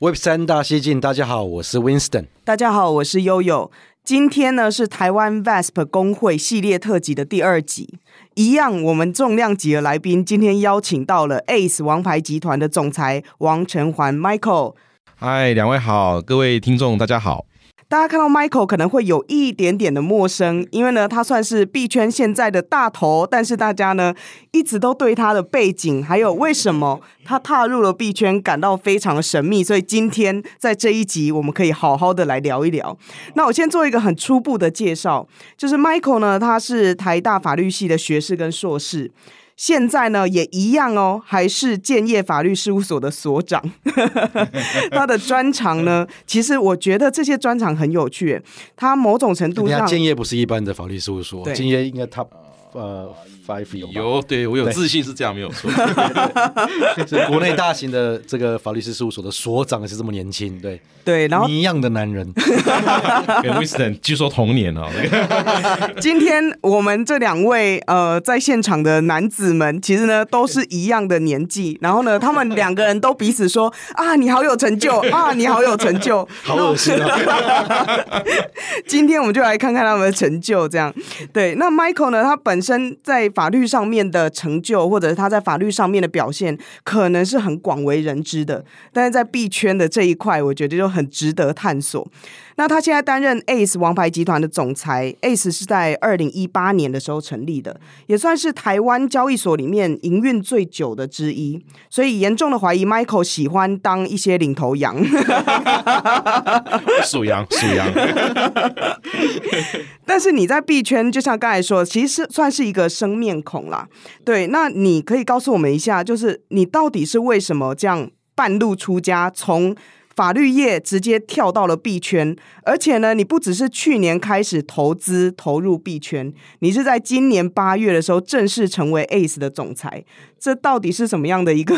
Web3 大西進，大家好，我是 Winston。大家好，我是悠悠。今天呢是台灣 VASP 公會系列特輯的第二集，一樣我們重量級的來賓今天邀請到了 ACE 王牌集團的總裁王晨桓 Michael。嗨，兩位好，各位聽眾大家好。大家看到 Michael 可能會有一點點的陌生，因為呢，他算是幣圈現在的大頭，但是大家呢一直都對他的背景還有為什麼他踏入了幣圈感到非常神秘，所以今天在這一集我們可以好好的來聊一聊。那我先做一個很初步的介紹，就是 Michael 呢，他是台大法律系的學士跟碩士。現在呢，也一樣哦，還是建業法律事務所的所長。 他的專長呢，其實我覺得這些專長很有趣。他某種程度上，建業不是一般的法律事務所，建業應該他呃。有對我有自信是這樣沒有錯。 國內大型的這個法律事務所的所長也是這麼年輕，對對。然後一樣的男人，跟 Winston 據說同年哦。今天我們這兩位呃在現場的男子們，其實呢都是一樣的年紀。然後呢，他們兩個人都彼此說：“啊，你好有成就啊，你好有成就。 ”好噁心哦。 今天我們就來看看他們的成就，這樣對。那 Michael 呢，他本身在。法律上面的成就，或者是他在法律上面的表現，可能是很廣為人知的。但是在幣圈的這一塊，我覺得就很值得探索。那他現在擔任 ACE 王牌集團的總裁，ACE 是在二零一八年的時候成立的，也算是台灣交易所裡面營運最久的之一。所以嚴重的懷疑 Michael 喜歡當一些領頭羊，屬羊屬羊。但是你在幣圈，就像剛才說，其實算是一個生面孔啦。對，那你可以告訴我們一下，就是你到底是為什麼這樣半路出家，從？法律業直接跳到了幣圈，而且呢，你不只是去年開始投資投入幣圈，你是在今年八月的時候正式成為 ACE 的總裁。這到底是什麼樣的一個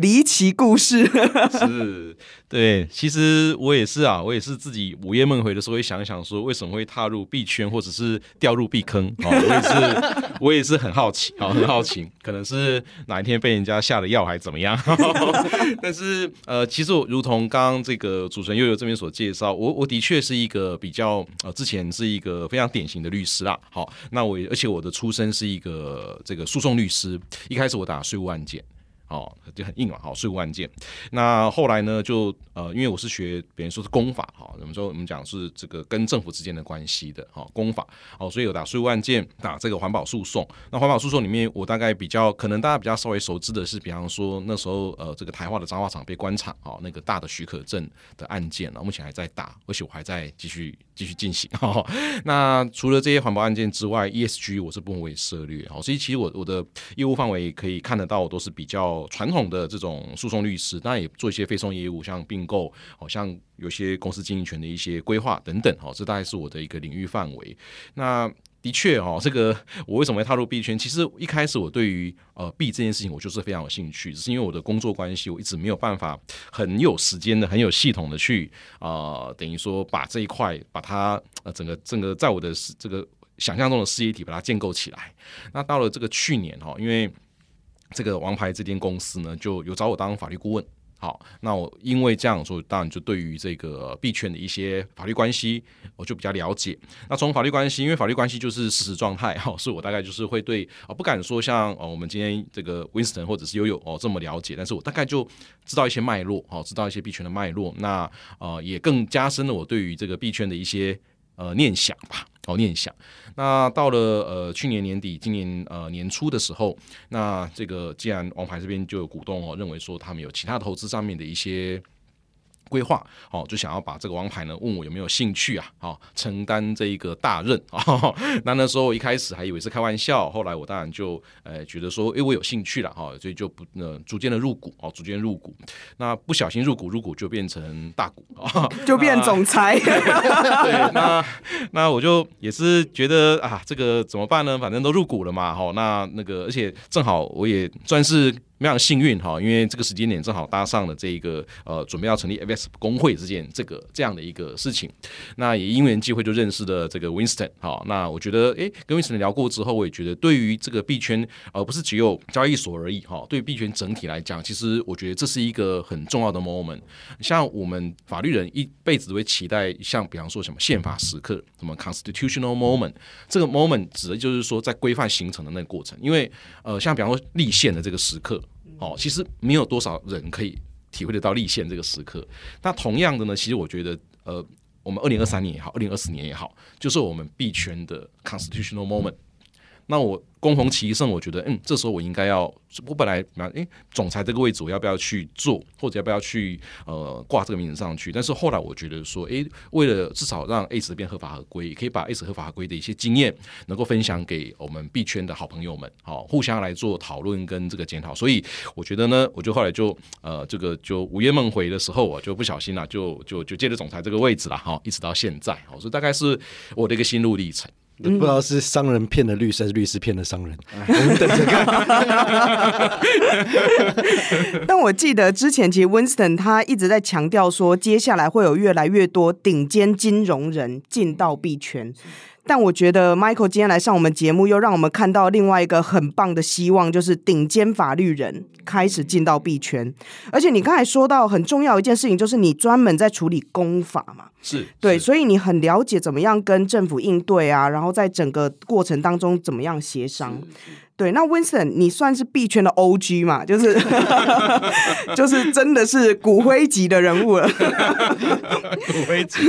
離奇故事？ 是，對，其實我也是啊，我也是自己午夜夢回的時候會想想，說為什麼會踏入幣圈，或者是掉入幣坑啊、哦？我也是， 我也是很好奇啊、哦，很好奇，可能是哪一天被人家下了藥，還是怎麼樣、哦？但是，呃，其實我如同剛剛這個主持人悠悠這邊所介紹，我我的確是一個比較呃，之前是一個非常典型的律師啦。好、哦，那我而且我的出身是一個這個訴訟律師，一開始開始，我打稅務案件。哦，就很硬啊。哈，稅務案件。那後來呢，就呃，因為我是學，別人說是公法，哈，怎麼說？我們講是這個跟政府之間的關係的，哈，公法，哦，所以有打稅務案件，打這個環保訴訟。那環保訴訟裡面，我大概比較可能大家比較稍微熟知的是，比方說那時候呃，這個台化的彰化廠被關廠，哦，那個大的許可證的案件，然後目前還在打，而且我還在繼續繼續進行。哈，那除了這些環保案件之外，E S G 我是不會涉獵，哦，所以其實我我的業務範圍可以看得到，我都是比較。傳統的這種訴訟律師，當然也做一些非訟業務，像併購，好像有些公司經營權的一些規劃等等，哈，這大概是我的一個領域範圍。那的確，哈，這個我為什麼會踏入幣圈？其實一開始我對於呃幣這件事情，我就是非常有興趣，只是因為我的工作關係，我一直沒有辦法很有時間的、很有系統的去啊、呃，等於說把這一塊把它、呃、整個整個在我的這個想象中的事業體把它建構起來。那到了這個去年，哈，因為這個王牌這間公司呢，就有找我當法律顧問。好，那我因為這樣說，當然就對於這個幣圈的一些法律關係，我就比較了解。那從法律關係，因為法律關係就是事實狀態，哈、哦，是我大概就是會對，哦、不敢說像哦，我們今天這個 Winston 或者是 Yoyo 哦這麼了解，但是我大概就知道一些脈絡，好、哦，知道一些幣圈的脈絡。那呃，也更加深了我對於這個幣圈的一些呃念想吧。哦，念想，那到了呃去年年底、今年呃年初的時候，那這個既然王牌這邊就有股東哦，認為說他們有其他投資上面的一些。規劃哦，就想要把這個王牌呢，問我有沒有興趣啊？哦，承擔這一個大任哦。那那時候我一開始還以為是開玩笑，後來我當然就呃覺得說，哎我有興趣了哈、哦，所以就不呃逐漸的入股哦，逐漸入股。那不小心入股入股就變成大股啊，就變總裁、哦。 對，那那我就也是覺得啊，這個怎麼辦呢？反正都入股了嘛，哈、哦。那那個而且正好我也算是。非常幸運哈，因為這個時間點正好搭上了這一個呃，準備要成立 VASP 公會這件這個這樣的一個事情。那也因緣際會就認識了這個 Winston 哈、哦。那我覺得誒、欸，跟 Winston 聊過之後，我也覺得對於這個幣圈而、呃、不是只有交易所而已哈、哦。對幣圈整體來講，其實我覺得這是一個很重要的 moment。像我們法律人一輩子都會期待，像比方說什麼憲法時刻，什麼 constitutional moment，這個 moment 指的是就是說在規範形成的那個過程。因為呃，像比方說立憲的這個時刻。哦，其實沒有多少人可以體會得到立憲這個時刻。那同樣的呢，其實我覺得，呃，我們二零二三年也好，二零二四年也好，就是我們幣圈的 constitutional moment。那我攻紅一勝，我覺得嗯，這時候我應該要，我本來哎，總裁這個位置，我要不要去做，或者要不要去呃掛這個名字上去？但是後來我覺得說，哎，為了至少讓 A 值變合法合規，可以把 A 值合法合規的一些經驗，能夠分享給我們 B 圈的好朋友們，好、哦、互相來做討論跟這個檢討。所以我覺得呢，我就後來就呃，這個就午夜夢回的時候我就不小心了，就就就借着總裁這個位置了哈、哦，一直到現在，所以大概是我的一個心路歷程。不知道是商人騙了律師，還是律師騙了商人，我們等着看。但我記得之前，其實 Winston 他一直在強調說，接下來會有越來越多頂尖金融人進到幣圈。但我覺得 Michael 今天來上我們節目，又讓我們看到另外一個很棒的希望，就是頂尖法律人開始進到幣圈。而且你剛才說到很重要一件事情，就是你專門在處理公法嘛，是對是，所以你很了解怎麼樣跟政府應對啊，然後在整個過程當中怎麼樣協商。對，那 Winston 你算是幣圈的 OG 嘛？就是， 就是真的是骨灰級的人物了。骨灰級，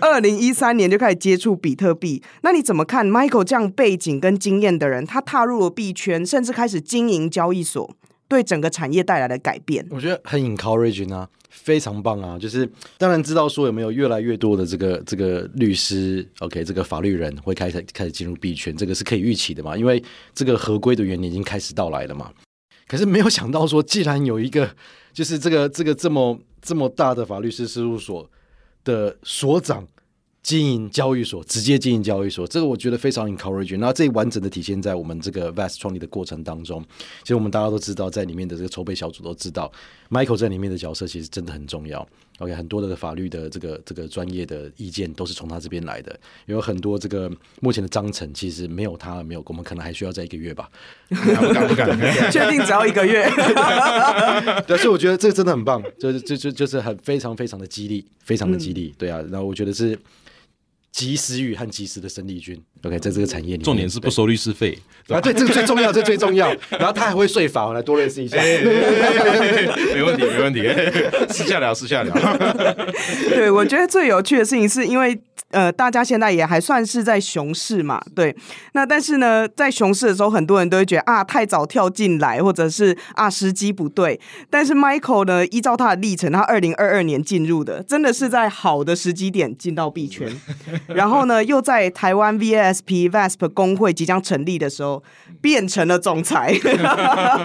二零一三年就開始接觸比特幣。那你怎麼看 Michael 這樣背景跟經驗的人，他踏入了幣圈，甚至開始經營交易所？對整個產業帶來的改變，我覺得很 encourage 啊，非常棒啊！就是當然知道說有沒有越來越多的這個這個律師 OK 這個法律人會開始開始進入幣圈，這個是可以預期的嘛，因為這個合規的元年已經開始到來了嘛。可是沒有想到說，既然有一個就是這個這個這麼這麼大的法律事務所的所長。經營交易所，直接經營交易所，這個我覺得非常 encouraging。那這完整的體現在我們這個 VASP 創立的過程當中。其實我們大家都知道，在裡面的這個籌備小組都知道，Michael 在裡面的角色其實真的很重要。OK，很多的法律的這個這個專業的意見都是從他這邊來的。有很多這個目前的章程其實沒有他沒有，我們可能還需要再一個月吧。 啊、我幹不敢不敢， 確定只要一個月。但 是 我覺得這個真的很棒，就是就就就是很非常非常的激勵，非常的激勵。嗯、對啊，然後我覺得是。及時雨和及時的生力軍，OK，在這個產業裡面，重點是不收律師費。啊，對， 對，這個最重要，這 最重要。然後他還會稅法，我來多認識一下。 沒問題，沒問題，私下聊，私下聊。 對，我覺得最有趣的事情是因為。呃，大家現在也還算是在熊市嘛，對。那但是呢，在熊市的時候，很多人都會覺得啊，太早跳進來，或者是啊，時機不對。但是 Michael 呢，依照他的歷程，他二零二二年進入的，真的是在好的時機點進到幣圈。然後呢，又在台灣 VASP VASP 公會即將成立的時候，變成了總裁，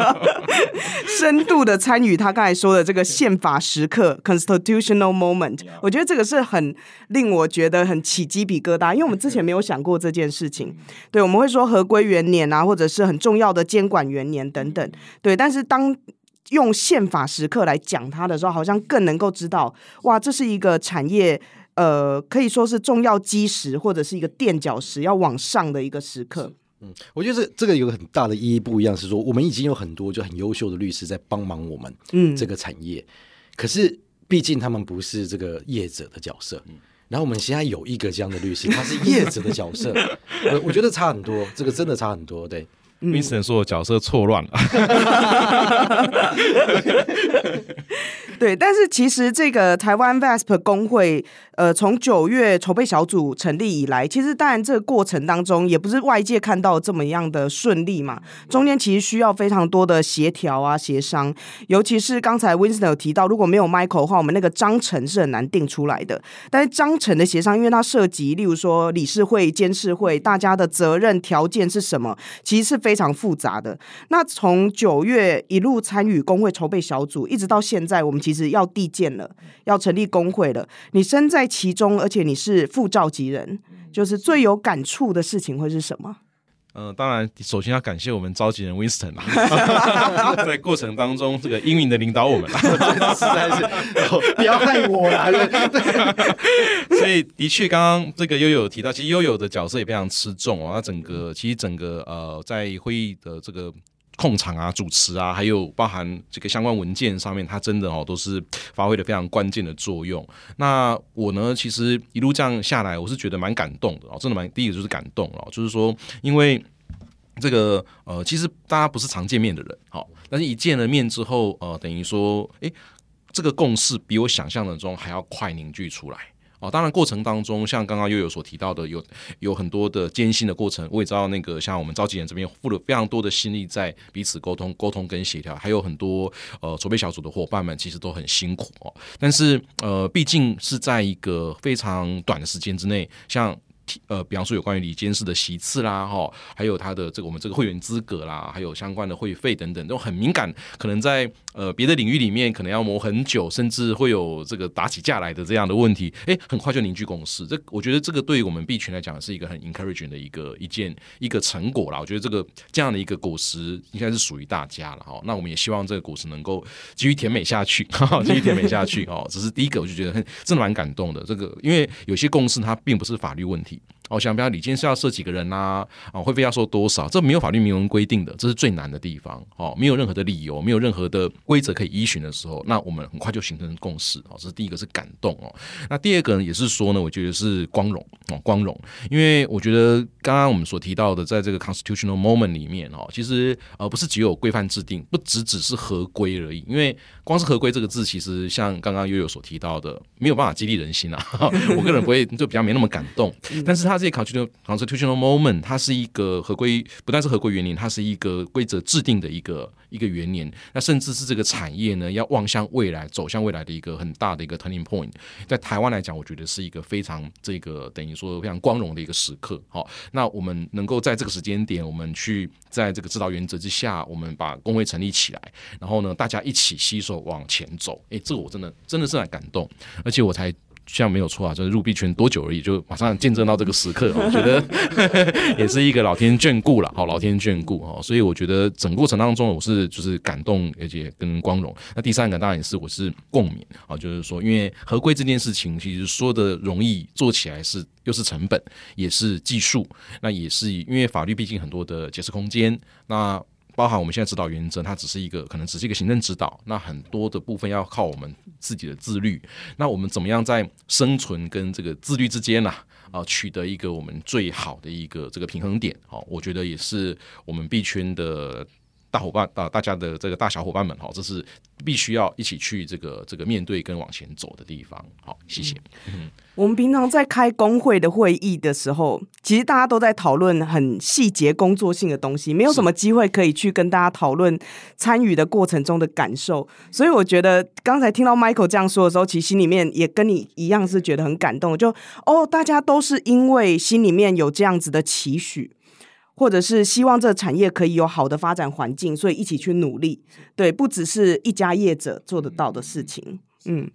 深度的參與。他剛才說的這個憲法時刻 （constitutional moment），我覺得這個是很令我覺得很。起雞皮疙瘩，因為我們之前沒有想過這件事情。對，我們會說合規元年啊，或者是很重要的監管元年等等。對，但是當用憲法時刻來講它的時候，好像更能夠知道，哇，這是一個產業，呃，可以說是重要基石，或者是一個墊腳石，要往上的一個時刻。嗯，我覺得這這個有個很大的意義不一樣，是說我們已經有很多就很優秀的律師在幫忙我們，嗯，這個產業。可是畢竟他們不是這個業者的角色。嗯。然後我們現在有一個這樣的律師，他是業者的角色， 我覺得差很多， 這個真的差很多。對，Mr.、嗯、說的角色錯亂了 ， 對，但是其實這個台灣 VASP 公會。呃，從九月籌備小組成立以來，其實當然這個過程當中也不是外界看到這麼樣的順利嘛。中間其實需要非常多的協調啊、協商，尤其是剛才 Winston 有提到，如果沒有 Michael 的話，我們那個章程是很難定出來的。但是章程的協商，因為它涉及例如說理事會、監事會，大家的責任條件是什麼，其實是非常複雜的。那從九月一路參與公會籌備小組，一直到現在，我們其實要遞件了，要成立公會了。你身在。其中，而且你是副召集人，就是最有感觸的事情會是什麼？嗯、呃，當然，首先要感謝我們召集人 Winston 啦， 在過程當中 這個英明的領導我們， 實在是、 哦、 不要害我了。 所以，的確，剛剛這個 Yoyo 有提到，其實 Yoyo 的角色也非常吃重啊、哦。那 整個，其實整個呃，在會議的這個。控場啊、主持啊，還有包含這個相關文件上面，它真的哦、喔、都是發揮的非常關鍵的作用。那我呢，其實一路這樣下來，我是覺得蠻感動的哦、喔，真的蠻第一個就是感動哦、喔，就是說，因為這個呃，其實大家不是常見面的人哦、喔，但是一見了面之後，呃，等於說，哎、欸，這個共識比我想象的中還要快凝聚出來。哦，當然，過程當中像剛剛又有所提到的，有有很多的艱辛的過程。我也知道，那個像我們召集人這邊付了非常多的心力在彼此溝通、溝通跟協調，還有很多呃籌備小組的伙伴們其實都很辛苦哦。但是呃，畢竟是在一個非常短的時間之內，像呃，比方說有關於理監事的席次啦，哈，還有他的這個我們這個會員資格啦，還有相關的會費等等，都很敏感，可能在。呃，別的領域裡面可能要磨很久，甚至會有這個打起架來的這樣的問題，哎、欸，很快就凝聚共識。這我覺得這個對於我們幣圈來講是一個很 encouraging 的一個一件一個成果啦。我覺得這個這樣的一個果實應該是屬於大家了哈、喔。那我們也希望這個果實能夠繼續甜美下去，繼、喔、續甜美下去哦、喔。只是第一個我就覺得很真的蠻感動的。這個因為有些共識它並不是法律問題。哦，想不要你今天是要設幾個人吶？啊，哦、會不會要說多少？這沒有法律明文規定的，這是最難的地方。哦，沒有任何的理由，沒有任何的規則可以依循的時候，那我們很快就形成共識。哦，這是第一個是感動哦。那第二個呢，也是說呢，我覺得是光榮哦，光榮。因為我覺得剛剛我們所提到的，在這個 constitutional moment 裡面哦，其實呃，不是只有規範制定，不只只是合規而已。因為光是合規這個字，其實像剛剛 Yoyo 所提到的，沒有辦法激勵人心啊。哈哈，我個人不會就比較沒那麼感動， 嗯、但是他。這考取的 constitutional moment，它是一個合規，不但是合規元年，它是一個規則制定的一個一個元年。那甚至是這個產業呢，要望向未來，走向未來的一個很大的一個 turning point。在台灣來講，我覺得是一個非常這個等於說非常光榮的一個時刻。好、哦，那我們能夠在這個時間點，我們去在這個指導原則之下，我們把工會成立起來，然後呢，大家一起攜手往前走。哎，這個我真的真的是很感動，而且我才。這樣沒有錯啊，就是入幣圈多久而已，就馬上見證到這個時刻，我覺得呵呵也是一個老天眷顧了，好，老天眷顧，所以我覺得整個過程當中我是就是感動，而且跟光榮。那第三個當然也是我是共勉啊，就是說因為合規這件事情其實說的容易，做起來是又是成本，也是技術，那也是因為法律畢竟很多的解釋空間，那。包含我們現在指導原則，它只是一個可能只是一個行政指導，那很多的部分要靠我們自己的自律。那我們怎麼樣在生存跟這個自律之間呢？啊，啊，取得一個我們最好的一個這個平衡點。好，我覺得也是我們幣圈的。大夥伴，大大家的這個大小夥伴們好，這是必須要一起去這個這個面對跟往前走的地方。好，謝謝。嗯嗯。我們平常在開工會的會議的時候，其實大家都在討論很細節、工作性的東西，沒有什麼機會可以去跟大家討論參與的過程中的感受。所以我覺得剛才聽到 Michael 這樣說的時候，其實心裡面也跟你一樣是覺得很感動。就哦，大家都是因為心裡面有這樣子的期許。或者是希望這產業可以有好的發展環境，所以一起去努力，對，不只是一家業者做得到的事情。嗯，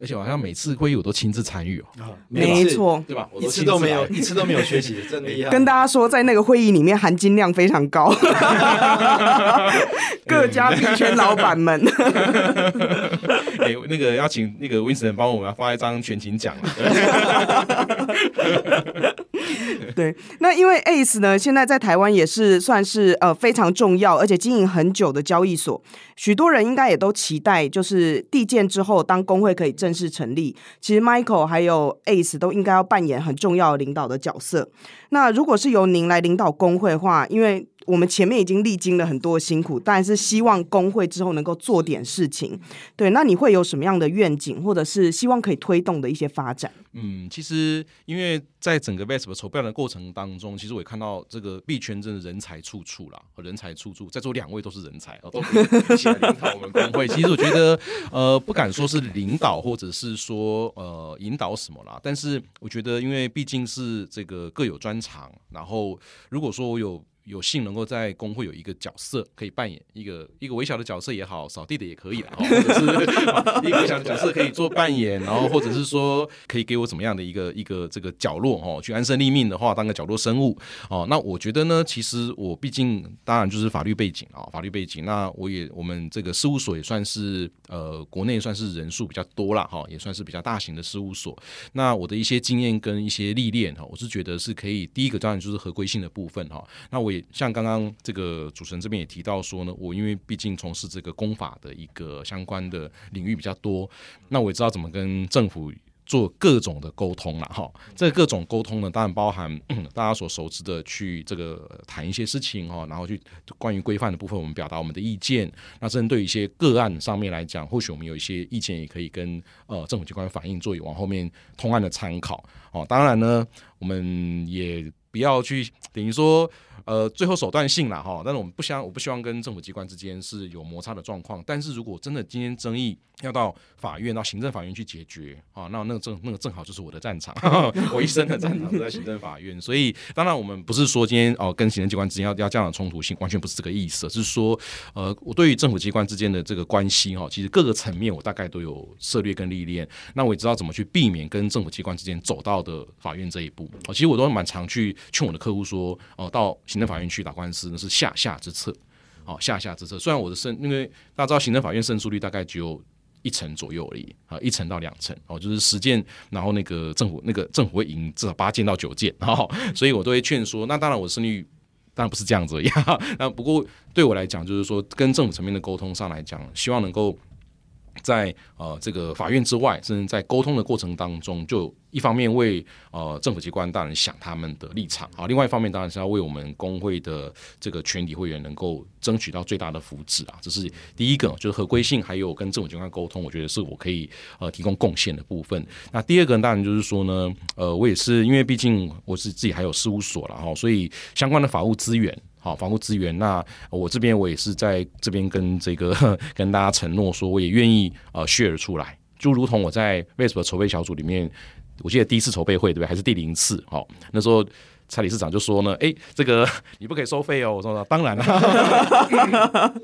而且好像每次會議我都親自參與哦，啊、沒錯，對吧？我、啊？一次都沒有， 一次都沒有缺席，真的。跟大家說，在那個會議裡面含金量非常高， 各家幣圈老闆們。哎、 欸，那個邀請那個 Winston 幫我們發一張全勤獎、啊。 對，那因為 ACE 呢，現在在台灣也是算是呃非常重要，而且經營很久的交易所，許多人應該也都期待，就是遞件之後，當公會可以正式成立，其實 Michael 還有 ACE 都應該要扮演很重要領導的角色。那如果是由您來領導公會的話，因為。我們前面已經歷經了很多辛苦，但是希望工會之後能夠做點事情。對，那你會有什麼樣的願景，或者是希望可以推動的一些發展？嗯，其實因為在整個 VASP 籌備的過程當中，其實我也看到這個幣圈真的人才處處啦，和人才處處。在座兩位都是人才，哦、 都可以一起來領導我們工會。 其實我覺得，呃，不敢說是領導，或者是說呃引導什麼啦。但是我覺得，因為畢竟是這個各有專長，然後如果說我有。有幸能夠在公會有一個角色可以扮演一個一個微小的角色也好，掃地的也可以，就是，一個微小的角色可以做扮演，然後或者是說可以給我怎麼樣的一個一個這個角落哦，去安身立命的話，當個角落生物哦。那我覺得呢，其實我畢竟當然就是法律背景啊，法律背景。那我也我們這個事務所也算是呃國內算是人數比較多了哈，也算是比較大型的事務所。那我的一些經驗跟一些歷練哈，我是覺得是可以第一個當然就是合規性的部分哈。那我。像剛剛這個主持人這邊也提到說呢，我因為畢竟從事這個公法的一個相關的領域比較多，那我也知道怎麼跟政府做各種的溝通了哈。這個各種溝通呢，當然包含大家所熟知的去這個談一些事情哈，然後去關於規範的部分，我們表達我們的意見。那針對一些個案上面來講，或許我們有一些意見也可以跟呃政府機關反映，作為往後面通案的參考哦。當然呢，我們也。不要去等於說，呃，最後手段性了哈。但是我們不相，我不希望跟政府機關之間是有摩擦的狀況。但是如果真的今天爭議要到法院到行政法院去解決啊，那那個正、那個正好就是我的戰場， 我一生的戰場都在行政法院。所以當然我們不是說今天哦、呃、跟行政機關之間要要這樣的衝突性，完全不是這個意思。是說呃我對於政府機關之間的這個關係、啊、其實各個層面我大概都有涉獵跟歷練。那我也知道怎麼去避免跟政府機關之間走到的法院這一步。啊、其實我都蠻常去勸我的客戶說哦、啊，到行政法院去打官司那是下下之策。好、啊，下下之策。雖然我的勝，因為大家知道行政法院勝訴率大概只有。一成左右而已啊，一成到兩成哦，就是十件，然後那個政府那個政府會贏至少八件到九件，哦。所以我都會勸說。那當然我的勝率當然不是這樣子呀、啊，那不過對我來講就是說，跟政府層面的溝通上來講，希望能夠。在呃，這個法院之外，甚至在溝通的過程當中，就一方面為呃政府機關當然想他們的立場啊，另外一方面當然是要為我們公會的這個全體會員能夠爭取到最大的福祉啊，這是第一個，就是合規性，還有跟政府機關溝通，我覺得是我可以呃提供貢獻的部分。那第二個當然就是說呢，呃，我也是因為畢竟我是自己還有事務所了哈、哦，所以相關的法務資源。好，房屋資源。那我這邊我也是在這邊跟這個跟大家承諾說，我也願意呃 share 出來，就如同我在 VASP 籌備小組裡面，我記得第一次籌備會，對不對？還是第零次？好，那時候。蔡理事長就說呢：“哎、欸，這個你不可以收費哦。”我說：“當然了。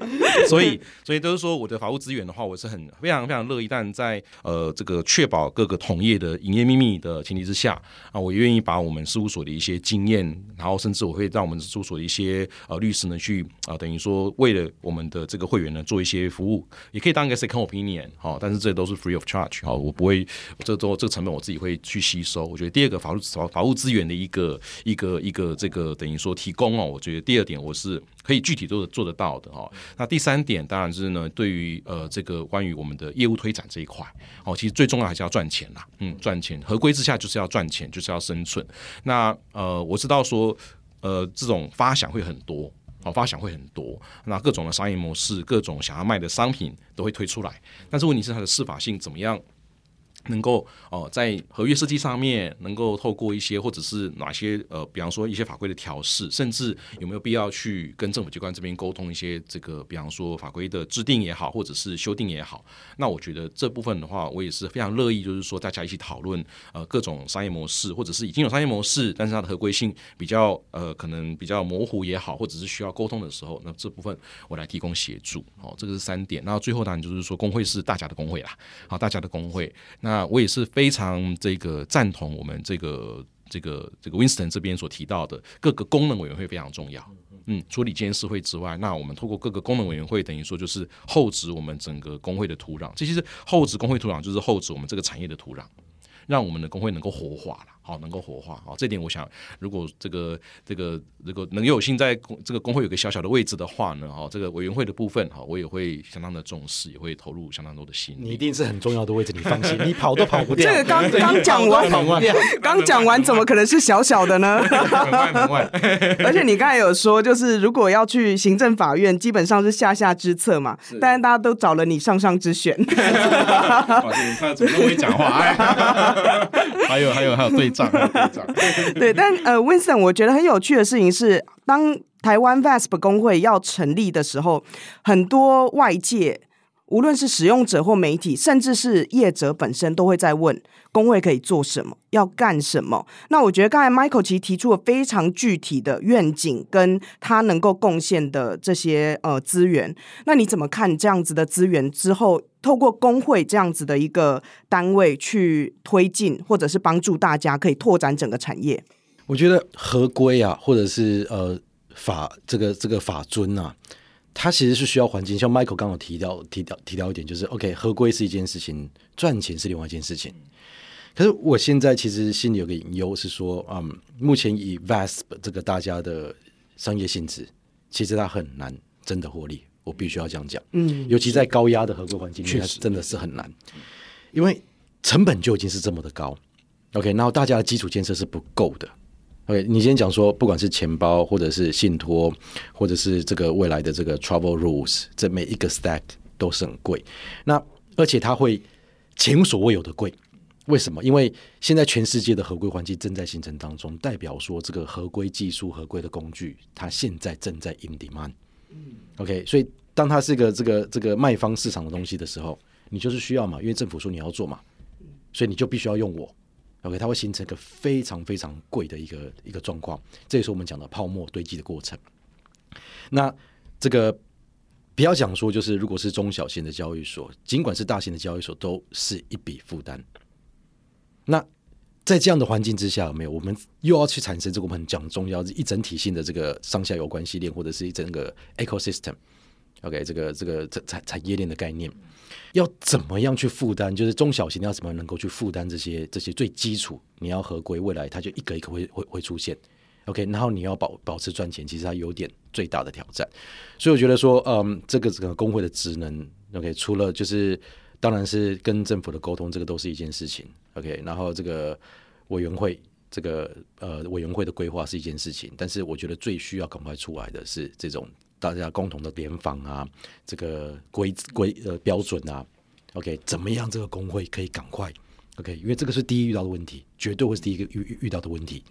” 所以，所以都是說我的法務資源的話，我是很非常非常樂意。但在呃這個確保各個同業的營業秘密的前提之下啊，我願意把我們事務所的一些經驗，然後甚至我會讓我們事務所的一些呃律師呢去啊、呃，等於說為了我們的這個會員呢做一些服務，也可以當一個 second opinion 好，但是這都是 free of charge 好，我不會這個、都這個成本我自己會去吸收。我覺得第二個法務法,法務資源的一個。一個一個這個等於說提供哦，我覺得第二點我是可以具體做做得到的哈、哦。那第三點，當然是呢，對於呃這個關於我們的業務推展這一塊，哦，其實最重要還是要賺錢啦，嗯，賺錢合規之下就是要賺錢，就是要生存。那呃，我知道說呃，這種發想會很多，哦，發想會很多，那各種的商業模式，各種想要賣的商品都會推出來，但是問題是它的適法性怎麼樣？能夠哦、呃，在合約設計上面能夠透過一些或者是哪些呃，比方說一些法規的調適，甚至有沒有必要去跟政府機關這邊溝通一些這個，比方說法規的制定也好，或者是修訂也好。那我覺得這部分的話，我也是非常樂意，就是說大家一起討論呃各種商業模式，或者是已經有商業模式，但是它的合規性比較呃可能比較模糊也好，或者是需要溝通的時候，那這部分我來提供協助哦。這個是三點。那最後當然就是說公會是大家的公會啦，好，大家的公會那。那我也是非常這個贊同我們這個這個這個 Winston 這邊所提到的各個功能委員會非常重要。嗯，除了監事會之外，那我們透過各個功能委員會，等於說就是厚植我們整個工會的土壤。這其實厚植工會土壤，就是厚植我們這個產業的土壤，讓我們的工會能夠活化了。好，能夠活化。好，這點我想，如果這個這個如果、這個、能有幸在公這個公會有個小小的位置的話呢，哈，這個委員會的部分哈，我也會相當的重視，也會投入相當多的心。你一定是很重要的位置，你放心， 你跑都跑不掉。這個剛剛講完跑、跑不掉， 剛講完怎麼可能是小小的呢？ 很很 而且你剛才有說，就是如果要去行政法院，基本上是下下之策嘛。是。但是大家都找了你上上之選。哈 ，他怎麼會講話？哎。 還有還有還有對仗，對， 對但呃 Winston 我覺得很有趣的事情是，當台灣 VASP 公會要成立的時候，很多外界，無論是使用者或媒體，甚至是業者本身，都會在問公會可以做什麼，要幹什麼。那我覺得剛才 Michael 其實提出了非常具體的願景，跟他能夠貢獻的這些呃資源。那你怎麼看這樣子的資源之後？透過公會這樣子的一個單位去推進，或者是幫助大家可以拓展整個產業。我覺得合規啊，或者是呃法這個這個法遵啊，它其實是需要環境。像 Michael 剛剛提到提到提到一點，就是 OK 合規是一件事情，賺錢是另外一件事情。可是我現在其實心裡有個隱憂，是說，嗯，目前以 VASP 這個大家的商業性質，其實它很難真的獲利。我必須要這樣講，嗯，尤其在高壓的合規環境裡面，確實真的是很難，因為成本就已經是這麼的高。OK，然後大家的基礎建設是不夠的。OK，你先講說，不管是錢包，或者是信託，或者是這個未來的這個 Travel Rules，這每一個 Stack 都是很貴。那而且它會前所未有的貴，為什麼？因為現在全世界的合規環境正在形成當中，代表說，這個合規技術、合規的工具，它現在正在 in demand。OK，所以。當它是一個這個這個賣方市場的東西的時候，你就是需要嘛，因為政府說你要做嘛，所以你就必須要用我。OK，它會形成一個非常非常貴的一個一個狀況，這也是我們講的泡沫堆積的過程。那這個不要講說，就是如果是中小型的交易所，儘管是大型的交易所，都是一筆負擔。那在這樣的環境之下，有沒有我們又要去產生這個我們講的重要的一整體性的這個上下游關係鏈，或者是一整個 ecosystem？OK，這個這個產產產業鏈的概念，要怎麼樣去負擔？就是中小型要怎麼能夠去負擔這些這些最基礎？你要合規，未來它就一個一個會會會出現。OK，然後你要保保持賺錢，其實它有點最大的挑戰。所以我覺得說，嗯，這個這個公會的職能，OK，除了就是當然是跟政府的溝通，這個都是一件事情。OK，然後這個委員會，這個呃委員會的規劃是一件事情，但是我覺得最需要趕快出來的是這種。大家共同的聯防啊，這個規規呃標準啊，OK，怎麼樣這個工會可以趕快 OK？因為這個是第一遇到的問題，絕對會是第一個遇遇到的問題，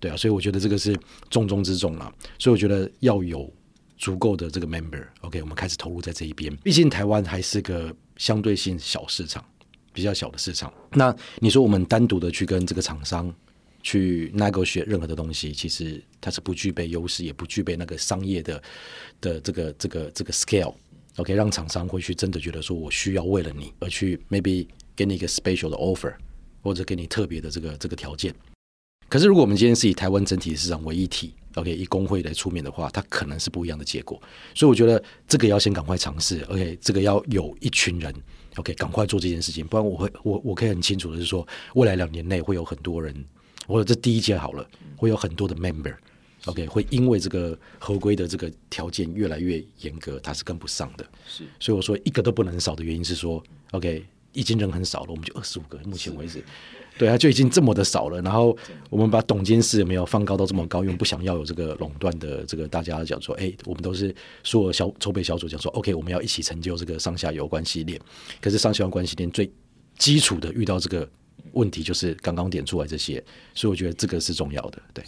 對啊，所以我覺得這個是重中之重啦、啊。所以我覺得要有足夠的這個 member，OK，OK，我們開始投入在這一邊。畢竟台灣還是個相對性小市場，比較小的市場。那你說我們單獨的去跟這個廠商去 negotiate 任何的東西，其實它是不具備優勢，也不具備那個商業的的這個這個這個 scale。OK，讓廠商會去真的覺得說我需要為了你而去，maybe 給你一個 special 的 offer，或者給你特別的這個這個條件。可是如果我們今天是以台灣整體市場為一體，OK，以工會來出面的話，它可能是不一樣的結果。所以我覺得這個要先趕快嘗試，OK，這個要有一群人，OK，趕快做這件事情，不然我會我我可以很清楚的是說，未來兩年內會有很多人。我說這第一屆好了，會有很多的 member，OK，okay，會因為這個合規的這個條件越來越嚴格，它是跟不上的，的。所以我說一個都不能少的原因是說是，OK，已經人很少了，我們就二十五個，目前為止，對啊，就已經這麼的少了。然後我們把董監事有沒有放高到這麼高，因為不想要有這個壟斷的這個大家講說，誒，哎，我們都是說小籌備小組講說，OK，我們要一起成就這個上下游關係鏈。可是上下游關係鏈最基礎的遇到這個。問題就是剛剛點出來這些，所以我覺得這個是重要的。對，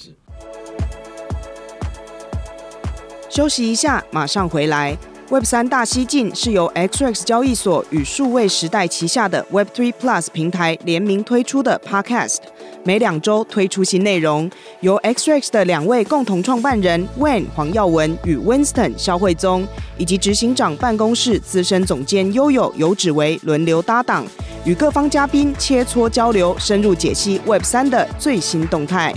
休息一下，馬上回來。Web 三大西進是由 XREX 交易所與數位時代旗下的 Web Three Plus 平台聯名推出的 Podcast。每兩周推出新內容，由 XREX 的兩位共同創辦人 Wayne 黃耀文與 Winston 蕭滙宗，以及執行長辦公室資深總監 Yoyo 尤芷薇輪流搭檔，與各方嘉賓切磋交流，深入解析 Web 三的最新動態。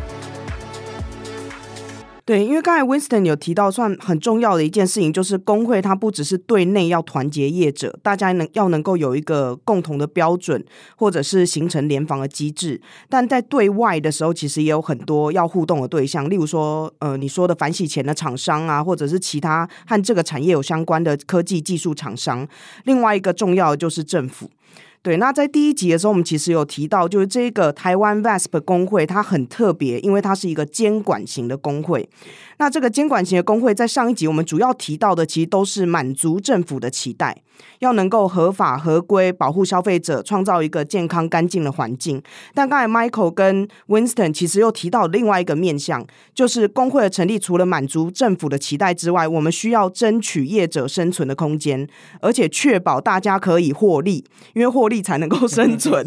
對，因為剛才 Winston 有提到，算很重要的一件事情，就是公會它不只是對內要團結業者，大家能要能夠有一個共同的標準，或者是形成聯防的機制。但在對外的時候，其實也有很多要互動的對象，例如說，呃，你說的反洗錢的廠商啊，或者是其他和這個產業有相關的科技技術廠商。另外一個重要的就是政府。對，那在第一集的時候，我們其實有提到，就是這個台灣 VASP 公會，它很特別，因為它是一個監管型的公會。那這個監管型的公會，在上一集我們主要提到的，其實都是滿足政府的期待。要能夠合法合規，保護消費者，創造一個健康乾淨的環境。但剛才 Michael 跟 Winston 其實又提到另外一個面向，就是公會的成立，除了滿足政府的期待之外，我們需要爭取業者生存的空間，而且確保大家可以獲利，因為獲利才能夠生存。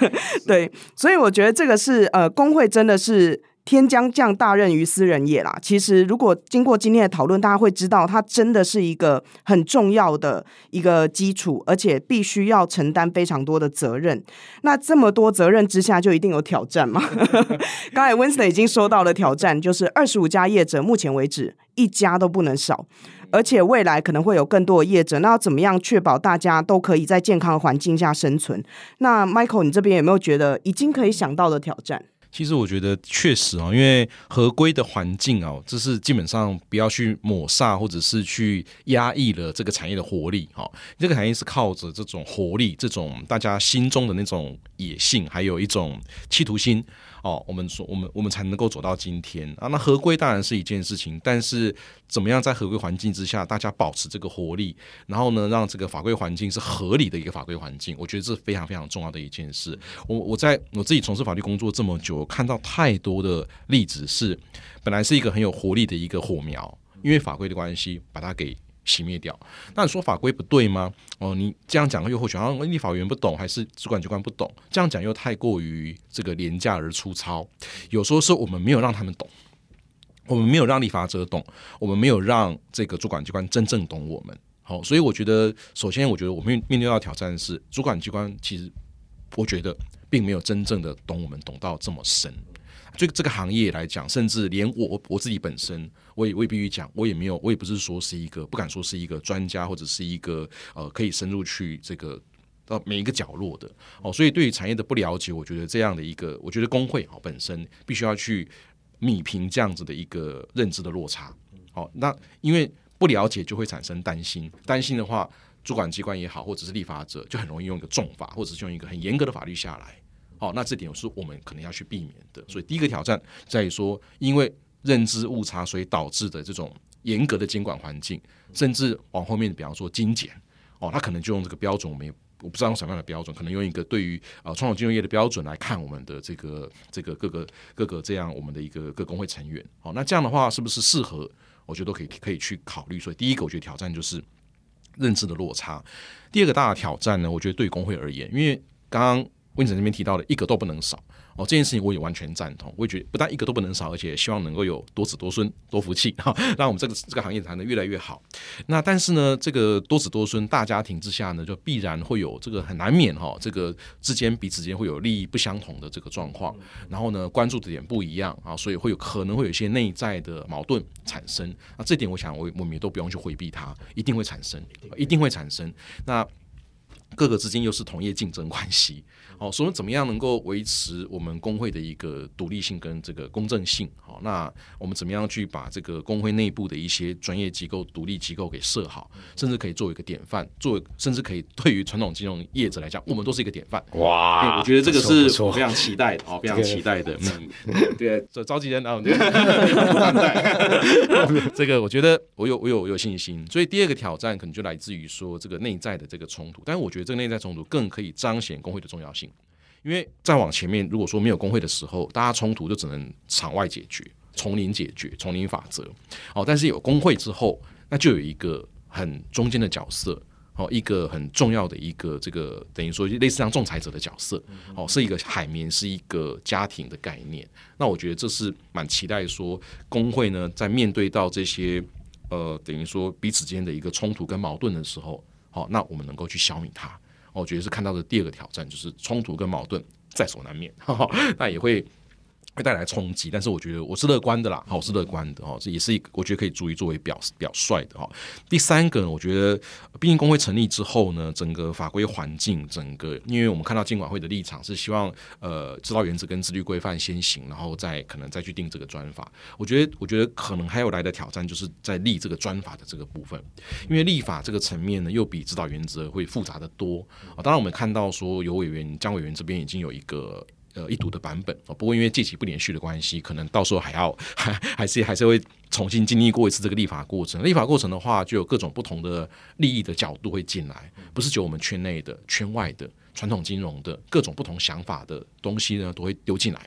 嗯、 對，所以我覺得這個是呃，公會真的是。天將降大任於斯人也啦！其實，如果經過今天的討論，大家會知道，它真的是一個很重要的一個基礎，而且必須要承擔非常多的責任。那這麼多責任之下，就一定有挑戰嘛。剛 才 Winston 已經收到了挑戰，就是二十五家業者，目前為止一家都不能少，而且未來可能會有更多的業者。那要怎麼樣確保大家都可以在健康的環境下生存？那 Michael，你這邊有沒有覺得已經可以想到的挑戰？其實我覺得確實啊，因為合規的環境啊，就是基本上不要去抹殺或者是去壓抑了這個產業的活力啊。這個產業是靠着這種活力、這種大家心中的那種野性，還有一種企圖心。哦，我們說我們我們才能夠走到今天啊！那合規當然是一件事情，但是怎麼樣在合規環境之下，大家保持這個活力，然後呢，讓這個法規環境是合理的一個法規環境，我覺得這是非常非常重要的一件事。我我在我自己從事法律工作這麼久，看到太多的例子是，本來是一個很有活力的一個火苗，因為法規的關係，把它給。熄滅掉，那你說法規不對嗎？哦，你這樣講又或許，好、啊、像立法員不懂，還是主管機關不懂？這樣講又太過於這個廉價而粗糙。有時候是我們沒有讓他們懂，我們沒有讓立法者懂，我們沒有讓這個主管機關真正懂我們。好、哦，所以我覺得，首先我覺得我們面對到的挑戰是主管機關，其實我覺得並沒有真正的懂我們，懂到這麼深。對這個行業來講，甚至連我我自己本身，我也未必講，我也沒有，我也不是說是一個不敢說是一個專家，或者是一個呃可以深入去這個到每一個角落的。哦，所以對於產業的不了解，我覺得這樣的一個，我覺得公會哦本身必須要去彌平這樣子的一個認知的落差。好、哦，那因為不了解就會產生擔心，擔心的話，主管機關也好，或者是立法者，就很容易用一個重法，或者是用一個很嚴格的法律下來。哦，那這點是我們可能要去避免的，所以第一個挑戰在於說，因為認知誤差，所以導致的這種嚴格的監管環境，甚至往後面，比方說精簡，哦，他可能就用這個標準，我們也我不知道用什麼樣的標準，可能用一個對於啊傳統金融業的標準來看我們的這個這個各個各個這樣我們的一個各公會成員，好、哦，那這樣的話是不是適合？我覺得都可以可以去考慮。所以第一個我覺得挑戰就是認知的落差，第二個大的挑戰呢，我覺得對公會而言，因為剛剛。Winston 那邊提到的，一個都不能少哦，這件事情我也完全贊同。我也覺得，不但一個都不能少，而且希望能夠有多子多孫、多福氣哈，讓我們這個這個行業談得越來越好。那但是呢，這個多子多孫大家庭之下呢，就必然會有這個很難免哈、哦，這個之間彼此間會有利益不相同的這個狀況，然後呢，關注的點不一樣啊，所以會有可能會有一些內在的矛盾產生。那這點我想，我我們也都不用去回避它，一定會產生，一定會產生。那各個之間又是同業競爭關係。哦，所以怎麼樣能夠維持我們工會的一個獨立性跟這個公正性？好、哦，那我們怎麼樣去把這個工會內部的一些專業機構、獨立機構給設好，甚至可以做一個典範，做甚至可以對於傳統金融業者來講，我們都是一個典範。哇，欸、我覺得這個是我非常期待的，哦，非常期待的。Okay. 嗯， 對，這召集人啊，對。 這個，我覺得我有我有我有信心。所以第二個挑戰可能就來自於說這個內在的這個衝突，但是我覺得這個內在衝突更可以彰顯工會的重要性。因為再往前面，如果說沒有工會的時候，大家衝突就只能場外解決、叢林解決、叢林法則。哦，但是有工會之後，那就有一個很中間的角色，哦，一個很重要的一個這個等於說類似像仲裁者的角色，哦，是一個海綿，是一個家庭的概念。嗯、那我覺得這是蠻期待說，說工會呢，在面對到這些呃，等於說彼此間的一個衝突跟矛盾的時候，好、哦，那我們能夠去消弭它。我覺得是看到的第二個挑戰，就是衝突跟矛盾在所難免呵呵，那也會。會帶來衝擊，但是我覺得我是樂觀的啦，好，我是樂觀的，好，這也是一個我覺得可以足以作為表表率的哈。第三個，我覺得畢竟工會成立之後呢，整個法規環境，整個因為我們看到監管會的立場是希望呃指導原則跟自律規範先行，然後再可能再去定這個專法。我覺得，我覺得可能還有來的挑戰，就是在立這個專法的這個部分，因為立法這個層面呢，又比指導原則會複雜得多啊。當然，我們看到說有委員江委員這邊已經有一個。呃，一讀的版本啊，不過因為屆期不連續的關係，可能到時候還要還還是還是會重新經歷過一次這個立法過程。立法過程的話，就有各種不同的利益的角度會進來，不是只有我們圈內的、圈外的傳統金融的各種不同想法的東西呢，都會丟進來。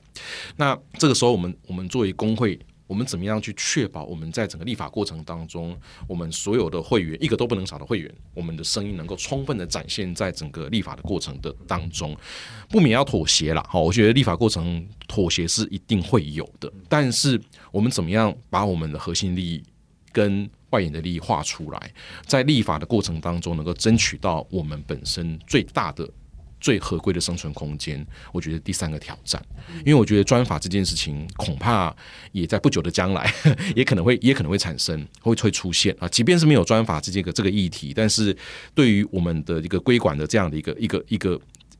那這個時候，我們我們作為公會。我們怎麼樣去確保我們在整個立法過程當中，我們所有的會員一個都不能少的會員，我們的聲音能夠充分的展現在整個立法的過程的當中，不免要妥協了。好，我覺得立法過程妥協是一定會有的，但是我們怎麼樣把我們的核心利益跟外延的利益畫出來，在立法的過程當中能夠爭取到我們本身最大的。最合規的生存空間，我覺得第三個挑戰，因為我覺得專法這件事情恐怕也在不久的將來也可能會也可能會產生會會出現啊，即便是沒有專法這個這個議題，但是對於我們的一個規管的這樣的一個一個一個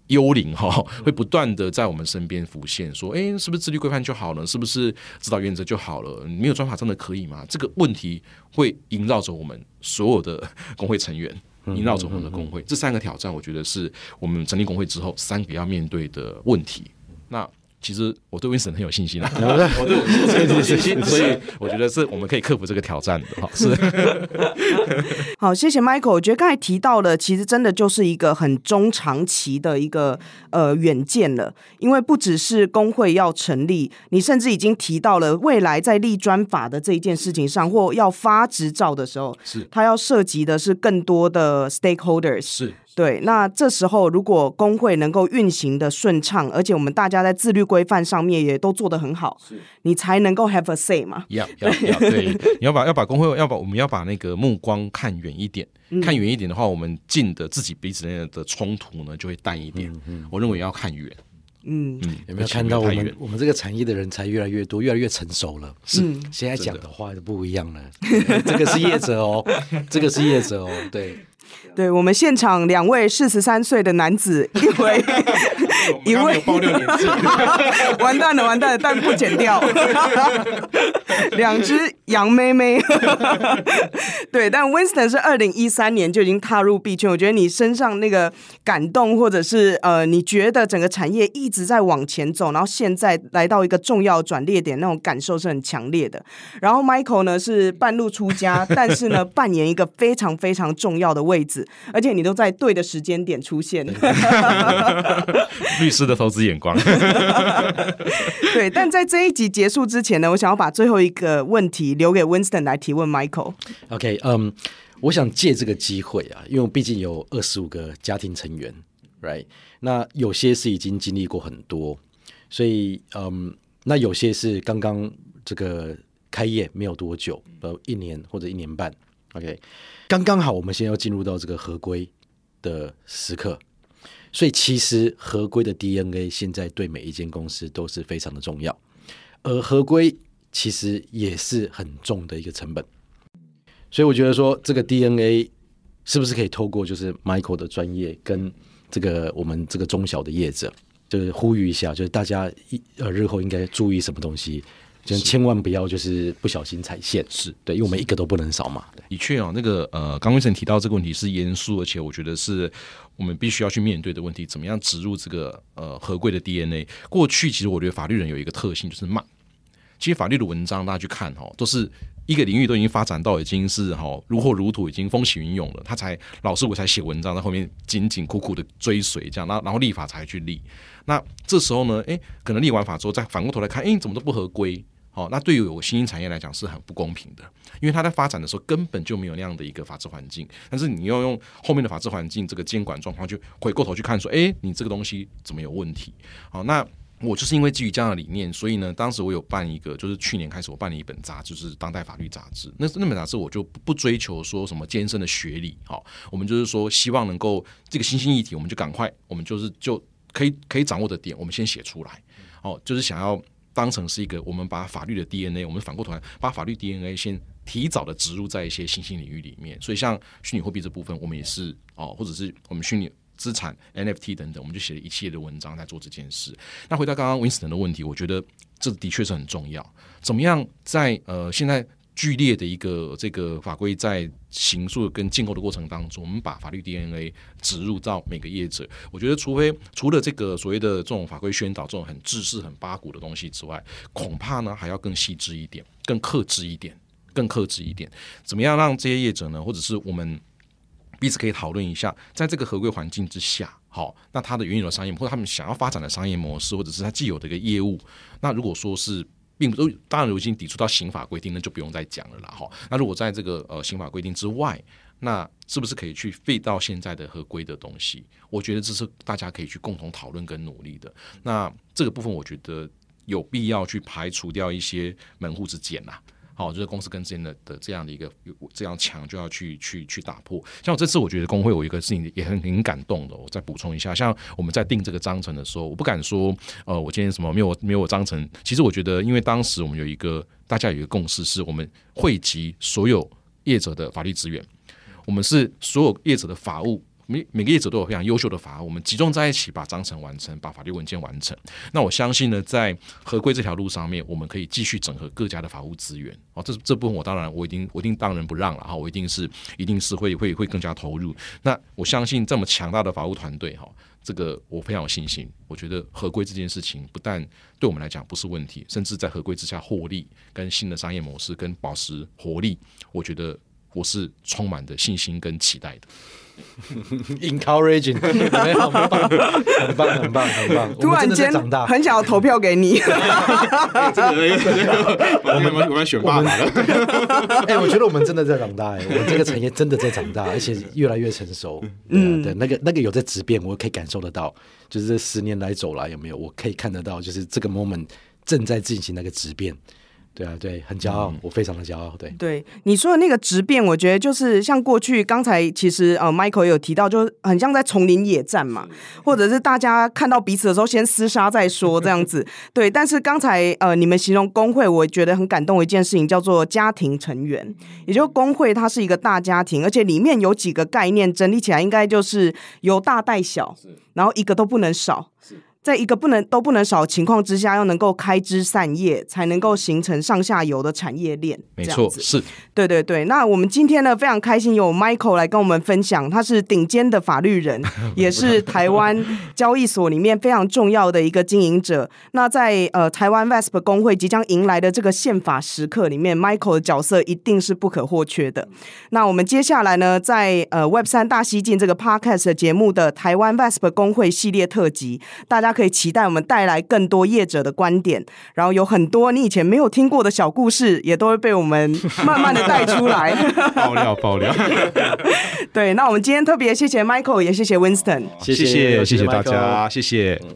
幽靈哈，會不斷的在我們身邊浮現，說，誒、欸，是不是自律規範就好了？是不是指導原則就好了？沒有專法真的可以嗎？這個問題會縈繞着我們所有的公會成員。縈繞着我們的公會、嗯嗯嗯，這三個挑戰，我覺得是我們成立公會之後三個要面對的問題。那。其實我對 Winston 很有信心啦，我對很有信心，所以我覺得是我們可以克服這個挑戰的。 好，謝謝 Michael。我覺得剛才提到了，其實真的就是一個很中長期的一個呃遠見了，因為不只是公會要成立，你甚至已經提到了未來在立專法的這一件事情上，或要發執照的時候，是他要涉及的是更多的 stakeholders。對，那這時候如果公會能夠運行得順暢，而且我們大家在自律規範上面也都做得很好，是，你才能夠 have a say 嘛。要要要，對，你要把要把公會，要把我們要把那個目光看遠一點，嗯，看遠一點的話，我們近的自己彼此的衝突呢就會淡一點。嗯嗯、我認為要看遠，嗯，有沒有看到我們我們這個產業的人才越來越多，越來越成熟了？嗯、是，現在講的話就不一樣了。這個是業者哦， 這個是業者哦，對。對，我們現場兩位四十三歲的男子，因為。 一位 完蛋了，完蛋了，但不剪掉。兩 隻羊妹妹， 對，但 Winston 是二零一三年就已經踏入幣圈，我覺得你身上那個感動，或者是呃，你覺得整個產業一直在往前走，然後現在來到一個重要轉捩點，那種感受是很強烈的。然後 Michael 呢是半路出家， 但是呢扮演一個非常非常重要的位置，而且你都在對的時間點出現。 律師的投資眼光， 對。但在這一集結束之前呢，我想要把最後一個問題留給 Winston 來提問 Michael。OK，嗯、um,，我想借這個機會啊，因為我畢竟有二十五個家庭成員，Right？那有些是已經經歷過很多，所以嗯，um, 那有些是剛剛這個開業沒有多久，呃，一年或者一年半。OK，剛剛好，我們現在要進入到這個合規的時刻。所以其實合規的 DNA 現在對每一間公司都是非常的重要，而合規其實也是很重的一個成本。所以我覺得說這個 DNA 是不是可以透過就是 Michael 的專業跟這個我們這個中小的業者，就是呼籲一下，就是大家一呃日後應該注意什麼東西，就千萬不要就是不小心踩線是。對，因為我們一個都不能少嘛。的確哦、啊，那個呃剛剛提到這個問題是嚴肅，而且我覺得是。我們必須要去面對的問題，怎麼樣植入這個呃合規的 DNA？過去其實我覺得法律人有一個特性就是慢。其實法律的文章大家去看哦，都是一個領域都已經發展到已經是哦如火如荼，已經風起雲湧了，他才老師我才寫文章，在後面緊緊苦苦的追隨這樣，那然後立法才去立。那這時候呢，哎，可能立完法之後再反過頭來看，哎，怎麼都不合規。哦，那對於有新興產業來講是很不公平的，因為它在發展的時候根本就沒有那樣的一個法治環境。但是你要用後面的法治環境，這個監管狀況就回過頭去看，說，哎，你這個東西怎麼有問題？好，那我就是因為基於這樣的理念，所以呢，當時我有辦一個，就是去年開始我辦了一本雜誌，就是《當代法律雜誌》。那那本雜誌我就不追求說什麼艱深的學理，好，我們就是說希望能夠這個新興議題，我們就趕快，我們就是就可以可以掌握的點，我們先寫出來，哦，就是想要。當成是一個，我們把法律的 DNA，我們反過頭來把法律 DNA 先提早的植入在一些新興領域裡面。所以像虛擬貨幣這部分，我們也是哦，或者是我們虛擬資產 NFT 等等，我們就寫了一系列的文章在做這件事。那回到剛剛 Winston 的問題，我覺得這的確是很重要。怎麼樣在呃現在劇烈的一個這個法規在。行訴跟進購的過程當中，我們把法律 DNA 植入到每個業者。我覺得，除非除了這個所謂的這種法規宣導、這種很制式很八股的東西之外，恐怕呢還要更細緻一點、更克制一點、更克制一點。怎麼樣讓這些業者呢，或者是我們彼此可以討論一下，在這個合規環境之下，好、哦，那他的原有的商業或者他們想要發展的商業模式，或者是他既有的一個業務，那如果說是。並不，當然，如今抵觸到刑法規定，那就不用再講了啦，哈。那如果在這個呃刑法規定之外，那是不是可以去廢掉現在的合規的東西？我覺得這是大家可以去共同討論跟努力的。那這個部分，我覺得有必要去排除掉一些門戶之見吶、啊。好，就是公司跟之間的的這樣的一個這樣牆就要去去去打破。像我這次我覺得公會有一個事情也很很感動的，哦，我再補充一下。像我們在定這個章程的時候，我不敢說，呃，我今天什麼沒有沒有我章程。其實我覺得，因為當時我們有一個大家有一個共識，是我們匯集所有業者的法律資源，我們是所有業者的法務。每每個業者都有非常優秀的法，我們集中在一起把章程完成，把法律文件完成。那我相信呢，在合規這條路上面，我們可以繼續整合各家的法務資源。哦，這這部分我當然我，我一定我一定當仁不讓了哈，我一定是一定是會會會更加投入。那我相信這麼強大的法務團隊哈，這個我非常有信心。我覺得合規這件事情不但對我們來講不是問題，甚至在合規之下獲利，跟新的商業模式跟保持活力，我覺得。我是充滿的信心跟期待的。 ，Encouraging， 有沒有很棒，很棒，很棒，很棒！突然間長大，很想要投票給你。 欸、真的 我們， 我，們，我，們我們選爸爸了。哎、 欸，我覺得我們真的在長大、欸，我們這個產業真的在長大， 而且越來越成熟。嗯、啊，對，那個那個有在質變，我可以感受得到，就是這十年來走來有沒有？我可以看得到，就是這個 moment 正在進行那個質變。對啊，對，很驕傲，嗯、我非常的驕傲。對對，你說的那個質變，我覺得就是像過去剛才，其實呃，Michael 也有提到，就是很像在叢林野戰嘛、嗯，或者是大家看到彼此的時候先厮殺再說 這樣子。對，但是剛才呃，你們形容工會，我覺得很感動的一件事情叫做家庭成員、嗯，也就是工會它是一個大家庭，而且裡面有幾個概念整理起來，應該就是由大帶小，然後一個都不能少。在一個不能都不能少的情況之下，要能夠開枝散葉，才能夠形成上下游的產業鏈。沒錯，是，對對對。那我們今天呢，非常開心有 Michael 來跟我們分享，他是頂尖的法律人， 也是台灣交易所裡面非常重要的一個經營者。 那在呃台灣 VASP 工會即將迎來的這個憲法時刻裡面，Michael 的角色一定是不可或缺的。那我們接下來呢，在呃 Web 三大西進這個 Podcast 節目的台灣 VASP 工會系列特輯，大家。可以期待我們帶來更多業者的觀點，然後有很多你以前沒有聽過的小故事，也都會被我們慢慢的帶出來。爆 料爆料，爆料 對，那我們今天特別謝謝 Michael，也謝謝 Winston。哦，謝謝謝謝，謝謝大家，謝謝。嗯。